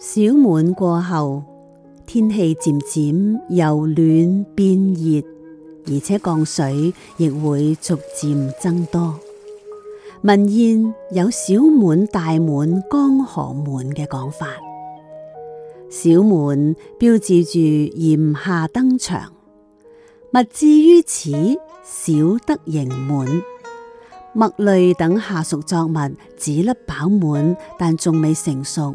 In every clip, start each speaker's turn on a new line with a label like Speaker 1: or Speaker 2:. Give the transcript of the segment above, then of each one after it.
Speaker 1: 小滿過後，天氣漸漸由暖變熱，而且降水亦會逐漸增多。民諺有“小滿大滿，江河滿”嘅講法。小滿標誌住炎夏登場，物至於此，小得盈滿。麥類等夏熟作物籽粒飽滿，但仲未成熟。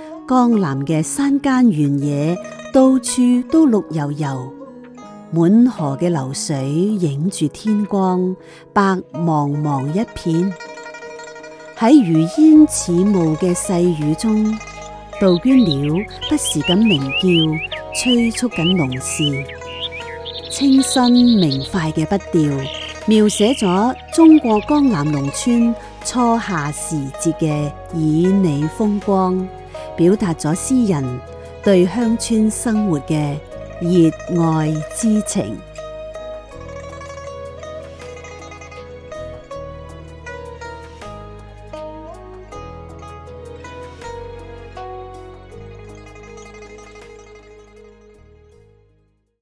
Speaker 1: 江南嘅山間原野，到處都綠油油；滿河嘅流水映住天光，白茫茫一片。喺如煙似霧嘅細雨中，杜鵑鳥不時咁鳴叫，催促緊農事。清新明快嘅筆調，描寫咗中國江南農村初夏時節嘅旖旎風光。表達咗詩人對鄉村生活嘅熱愛之情。